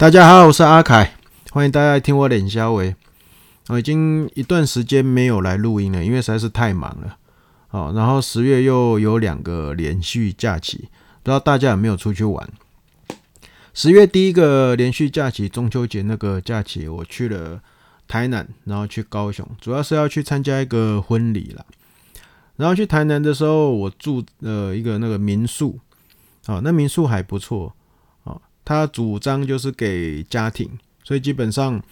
大家好，我是阿凱，歡迎大家來聽我練肖話。我已經一段時間沒有來錄音了，因為實在是太忙了。哦，然後十月又有兩個連續假期，不知道大家有沒有出去玩？十月第一個連續假期，中秋節那個假期，我去了台南，然後去高雄，主要是要去參加一個婚禮啦。然後去台南的時候，我住了一個那個民宿，哦，那民宿還不錯。他主張就是給家庭，所以基本上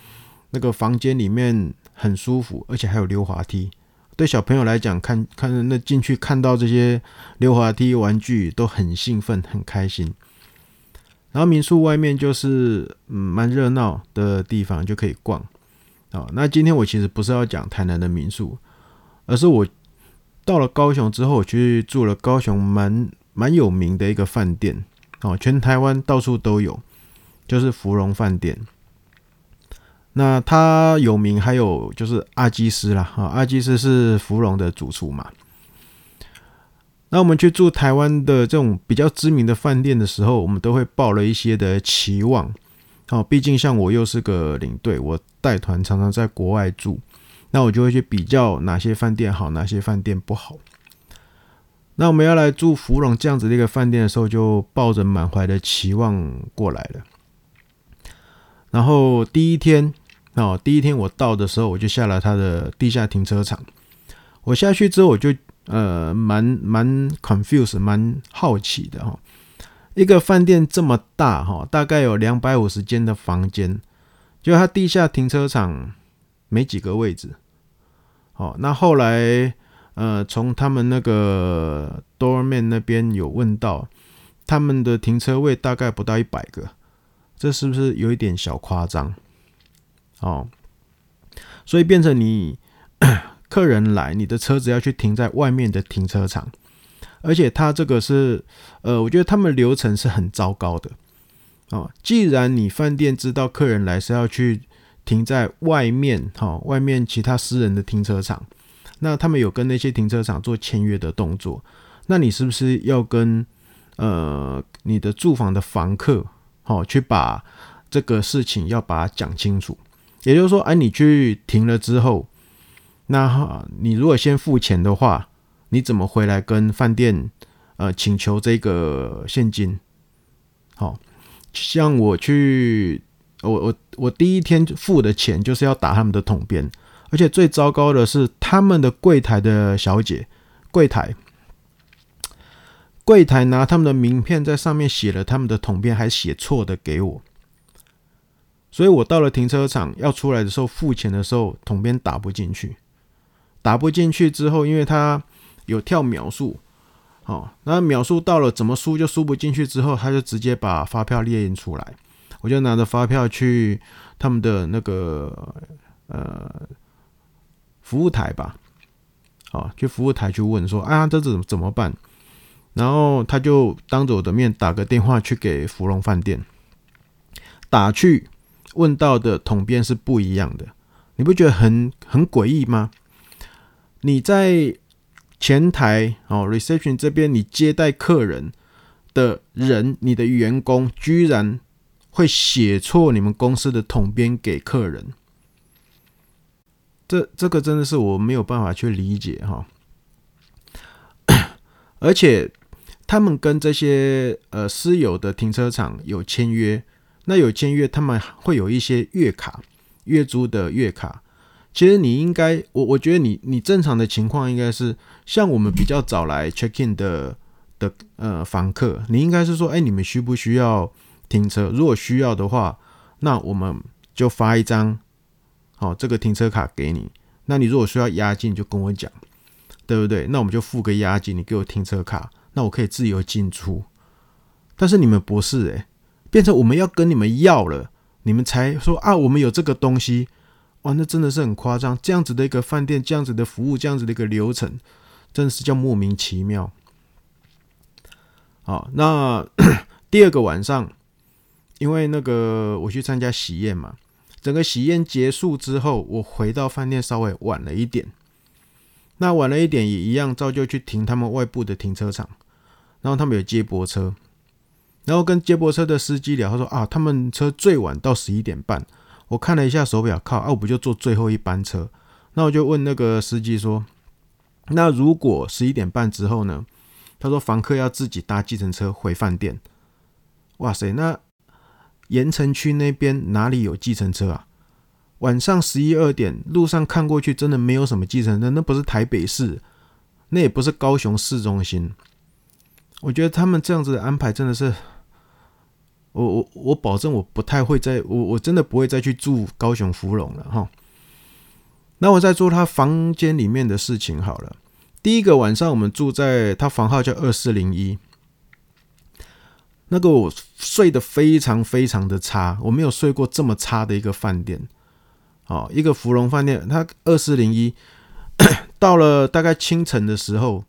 那個房間裡面很舒服，而且還有溜滑梯。對小朋友來講，看看那進去看到這些溜滑梯玩具，都很興奮很開心。然後民宿外面就是嗯，蠻熱鬧的地方，就可以逛。哦，那今天我其實不是要講台南的民宿，而是我到了高雄之後我去住了高雄蠻蠻有名的一個飯店。哦，全台灣到處都有，就是福容飯店。那他有名，還有就是阿基師啦，啊，阿基師是福容的主廚嘛。那我們去住台灣的這種比較知名的飯店的時候，我們都會抱了一些的期望。哦，畢竟像我又是個領隊，我帶團常常在國外住，那我就會去比較哪些飯店好，哪些飯店不好。那我們要來住福容這樣子的一個飯店的時候，就抱着滿懷的期望過來了。然後第一天，哦，第一天我到的時候，我就下了他的地下停車場。我下去之後，我就呃蠻蠻 confused，蠻好奇的。一個飯店這麼大，大概有兩百五十間的房間，就他地下停車場沒幾個位置。哦，那後來。呃，從他們那個 doorman 那邊有問到，他們的停車位大概不到一百個，這是不是有一點小誇張？哦，所以變成你客人來，你的車子要去停在外面的停車場，而且他這個是，呃，我覺得他們流程是很糟糕的。哦，既然你飯店知道客人來是要去停在外面，哦，外面其他私人的停車場。那他們有跟那些停車場做簽約的動作，那你是不是要跟呃你的住房的房客好、哦、去把這個事情要把它講清楚？也就是說，哎、啊，你去停了之後，那、呃、你如果先付錢的話，你怎麼回來跟飯店呃請求這個現金？好、哦、像我去我我我第一天付的錢就是要打他們的統編。而且最糟糕的是，他們的櫃台的小姐，櫃台櫃台拿他們的名片，在上面寫了他們的統編，還寫錯的給我，所以我到了停車場要出來的時候，付錢的時候，統編打不進去，打不進去之後，因為他有跳秒數，哦，那秒數到了，怎麼輸就輸不進去，之後他就直接把發票列印出來，我就拿着發票去他們的那個呃。服務台吧，哦，去服務台去問說，啊，這怎怎麼辦？然後他就當着我的面打個電話去給芙蓉飯店打去，問到的統編是不一樣的，你不覺得很很詭異嗎？你在前台哦，reception 這邊你接待客人的人，你的員工居然會寫錯你們公司的統編給客人。這這個真的是我沒有辦法去理解哈， 而且他們跟這些呃私有的停車場有簽約，那有簽約他們會有一些月卡、月租的月卡。其實你應該，我我覺得你你正常的情況應該是，像我們比較早來 check in 的的呃房客，你應該是說，哎，你們需不需要停車？如果需要的話，那我們就發一張。哦，這個停車卡給你。那你如果需要押金，就跟我講，對不對？那我們就付個押金，你給我停車卡，那我可以自由進出。但是你們不是誒、欸，變成我們要跟你們要了，你們才說啊，我們有這個東西。哇，那真的是很誇張，這樣子的一個飯店，這樣子的服務，這樣子的一個流程，真的是叫莫名其妙。好，那 第二個晚上，因為那個我去參加喜宴嘛。整個喜宴結束之後，我回到飯店稍微晚了一點。那晚了一點也一樣，照舊去停他們外部的停車場。然後他們有接駁車，然後跟接駁車的司機聊，他說：“啊，他們車最晚到十一點半。”我看了一下手錶，靠，啊，我不就坐最後一班車？那我就問那個司機說：“那如果十一點半之後呢？”他說：“房客要自己搭計程車回飯店。”哇塞，那。鹽埕區那邊哪裡有計程車啊？晚上十一二點路上看過去，真的沒有什麼計程車。那不是台北市，那也不是高雄市中心。我覺得他們這樣子的安排真的是，我我我保證我不太會再，我我真的不會再去住高雄福容了哈。那我再做他房間裡面的事情好了。第一個晚上我們住在他房號叫二四零一。那個我睡得非常非常的差，我沒有睡過這麼差的一個飯店，哦，一個芙蓉飯店他，它二四零一，到了大概清晨的時候，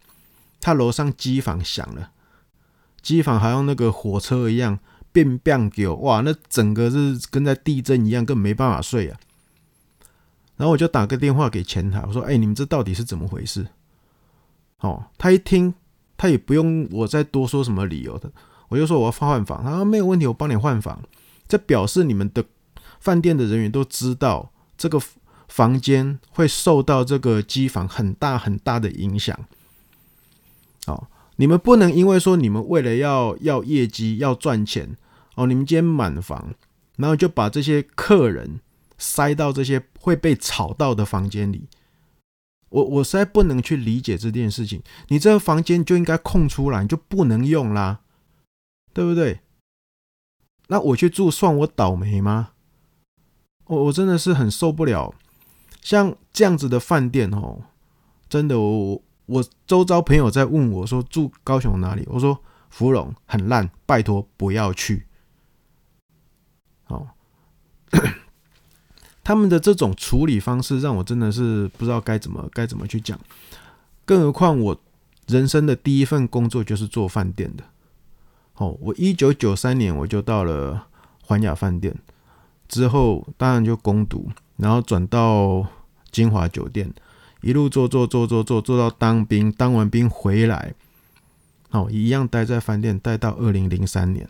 他樓上機房響了，機房好像那個火車一樣，變變叫，哇，那整個是跟在地震一樣，根本沒辦法睡啊。然後我就打個電話給前台，我說：“哎，你們這到底是怎麼回事？”哦，他一聽，他也不用我再多說什麼理由的。我就說我要換房，他、啊、說沒有問題，我幫你換房。這表示你們的飯店的人員都知道這個房間會受到這個機房很大很大的影響。哦，你們不能因為說你們為了要要業績要賺錢哦，你們今天滿房，然後就把這些客人塞到這些會被吵到的房間裡。我我實在不能去理解這件事情。你這個房間就應該空出來，你就不能用啦。對不對？那我去住算我倒霉嗎？我、哦、我真的是很受不了，像這樣子的飯店哦，真的我我周遭朋友在問我說住高雄哪裡，我說芙蓉很爛，拜託不要去。哦。 他們的這種處理方式讓我真的是不知道該怎麼該怎麼去講，更何況我人生的第一份工作就是做飯店的。哦，oh, 我一九九三年我就到了環亞飯店，之後當然就工讀，然後轉到金華酒店，一路做做做做做做到當兵，當完兵回來，哦，oh，一樣待在飯店，待到二零零三年。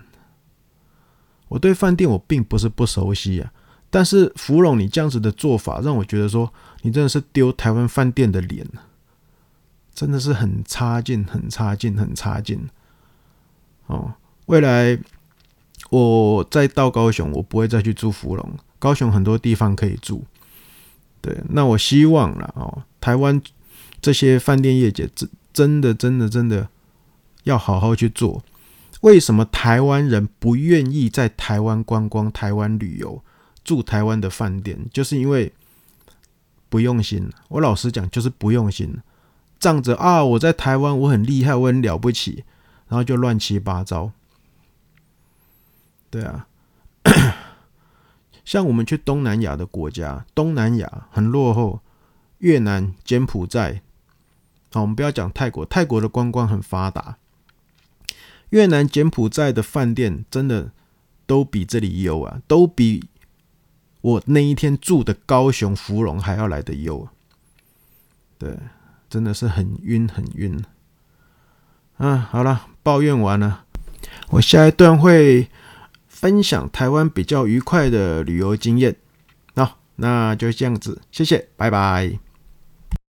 我對飯店我並不是不熟悉啊，但是福容你這樣子的做法，讓我覺得說你真的是丟台灣飯店的臉，真的是很差勁，很差勁，很差勁。哦，未來我再到高雄，我不會再去住芙蓉。高雄很多地方可以住，對。那我希望了哦，台灣這些飯店業界真真的真的真的要好好去做。為什麼台灣人不願意在台灣觀光、台灣旅遊、住台灣的飯店，就是因為不用心。我老實講，就是不用心，仗着啊我在台灣我很厲害，我很了不起。然後就亂七八糟，對啊， 像我們去東南亞的國家，東南亞很落後，越南、柬埔寨。好，我們不要講泰國，泰國的觀光很發達，越南、柬埔寨的飯店真的都比這裡優啊，都比我那一天住的高雄芙蓉還要來的優啊，對，真的是很暈，很暈，嗯，好了。抱怨完了，我下一段會分享台灣比較愉快的旅遊經驗。那、哦、那就這樣子，謝謝，拜拜。